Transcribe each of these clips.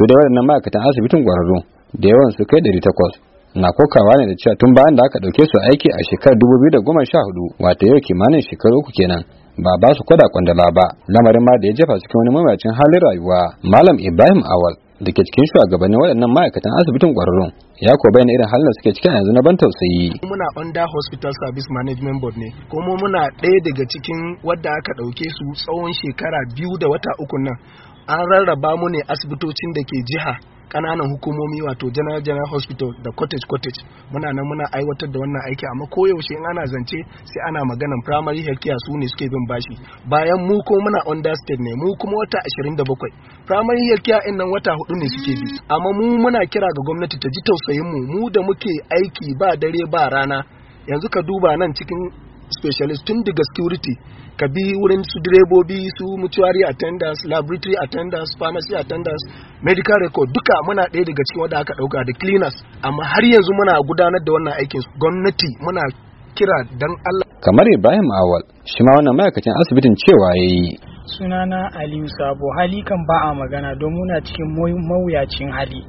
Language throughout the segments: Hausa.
su da waɗannan ma'aikatan asibitin kwararru da yawan su kai ɗari takwas na kokawa ne da cewa tun bayan da aka ɗauke su aiki a shekarar dubu biyu da goma sha hudu wata yau kimanin shekaru uku kenan ba ba su kwada kwandala ba lamarin ma da ya jefa cikin wani mamacin halin rayuwa malam ibrahim awal da ke cikin shugabannin waɗannan ma'aikatan asibitin ƙwararrun ya ko bayyana irin halin da suke cikin yanzu na ban tausayi muna under hospital service management board ne kuma muna ɗaya daga cikin wadda aka ɗauke su tsawon shekara biyu da wata uku nan an rarraba mu ne asibitocin da ke jiha kananan hukumomi wato general general hospital da cottage cottage muna nan muna aiwatar da wannan aiki amma koyaushe in ana zance sai ana maganan primary health care su ne suke bin bashi bayan mu ko muna understand ne mu kuma wata 27 primary health care in nan wata hudu ne suke bi amma mu muna kira ga gwamnati ta ji tausayin mu mu da muke aiki ba dare ba rana yanzu ka duba nan cikin specialist tun daga security ka bi wurin su direbobi su mutuari attendants laboratory attendants pharmacy attendants medical record duka muna ɗaya daga cikin wanda aka ɗauka da cleaners amma har yanzu muna gudanar da wannan aikin gwamnati muna kira dan Allah kamar Ibrahim Awal shi ma wannan ma'aikacin asibitin cewa yayi sunana Aliyu Sabo hali kan ba a magana domin muna cikin mawuyacin hali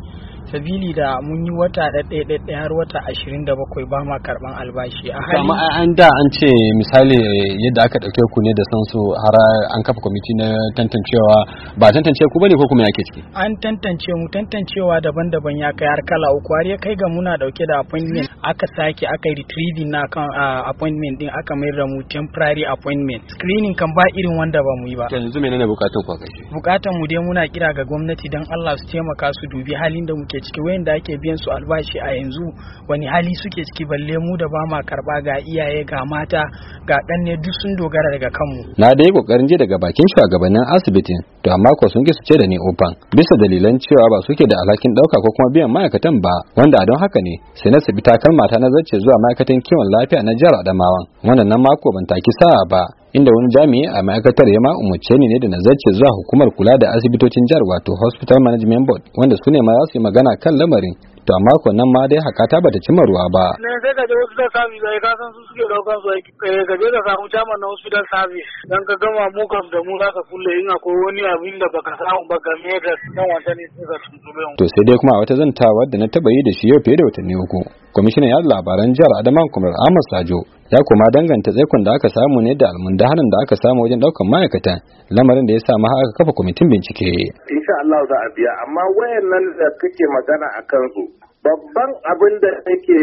sabili da mun yi wata ɗaiɗaiɗaiɗai har wata ashirin da bakwai ba ma karɓan albashi a hali amma an da an ce misali yadda aka ɗauke ku ne da san su har an kafa kwamiti na tantancewa ba tantance ku bane ko kuma yake ciki an tantance mu tantancewa daban-daban ya kai har kala uku har ya kai ga muna ɗauke da appointment aka sake aka yi retrieving na kan appointment din aka mayar da mu temporary appointment screening kan ba irin wanda ba mu yi ba yanzu menene bukatun ku kai bukatun mu dai muna kira ga gwamnati dan Allah su taimaka su dubi halin da mu suke ciki wayanda ake biyan su albashi a yanzu wani hali suke ciki balle mu da ba ma karba ga iyaye ga mata ga danne duk sun dogara daga kanmu na dai kokarin je daga bakin shugabannin asibitin to amma ko sun ki su ce da ni ofan bisa dalilan cewa ba suke da alhakin dauka ko kuma biyan ma'aikatan ba wanda a don haka ne sai na sabi takalma ta nazarce zuwa ma'aikatan kiwon lafiya na jihar Adamawan wannan nan mako ban taki sa'a ba inda wani jami'i a ma'aikatar ya ma umarce ni ne da nazarce zuwa hukumar kula da asibitocin jihar wato hospital management board wanda su ne ma za su yi magana kan lamarin to amma ko nan ma dai hakata bata cima ruwa ba Nan sai ka je hospital service ai ka san su suke daukan su aiki eh, ka je ka samu chairman na hospital service dan ka gama mu kam da mu zaka kulle in akwai wani abin da baka samu ba game da dan wancan ne sai ka tuntube to sai dai kuma a wata zantawa da na taba yi da shi yau fiye da watanni uku kwamishinan yada labaran jihar adama kumar ahmad sajo ya kuma danganta tsaikon da aka samu ne da almundahanan da aka samu wajen daukan ma'aikatan lamarin da ya sa har aka kafa kwamitin bincike insha Allah za a biya amma wayan nan da kake magana a kansu babban abin da yake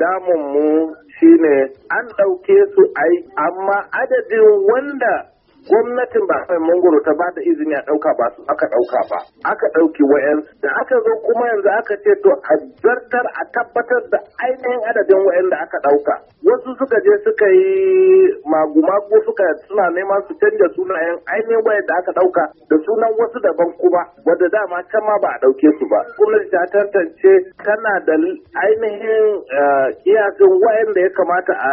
damun mu shine an ɗauke su ai amma adadin wanda gwamnatin ba sai mangoro ta ba da izini a ɗauka ba su aka ɗauka ba aka ɗauki wayan da aka zo kuma yanzu aka ce to a zartar a tabbatar da ainihin adadin wayan da aka ɗauka wasu suka je suka yi magumago suka suna neman su canja sunayen ainihin wayan da aka ɗauka da sunan wasu daban kuma wadda dama can ma ba a ɗauke su ba gwamnati ta tantance tana da ainihin kiyasin eh, wayan da ya kamata a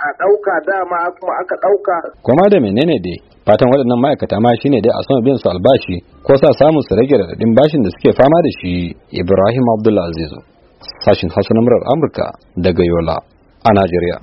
a ɗauka dama kuma aka ɗauka. Koma da menene dai fatan waɗannan ma'aikata ma shine dai a sama biyan su albashi ko sa samun su rage raɗaɗin bashin da suke fama da shi Ibrahim Abdulaziz. Sashin Hassan Amurka daga Yola a Najeriya.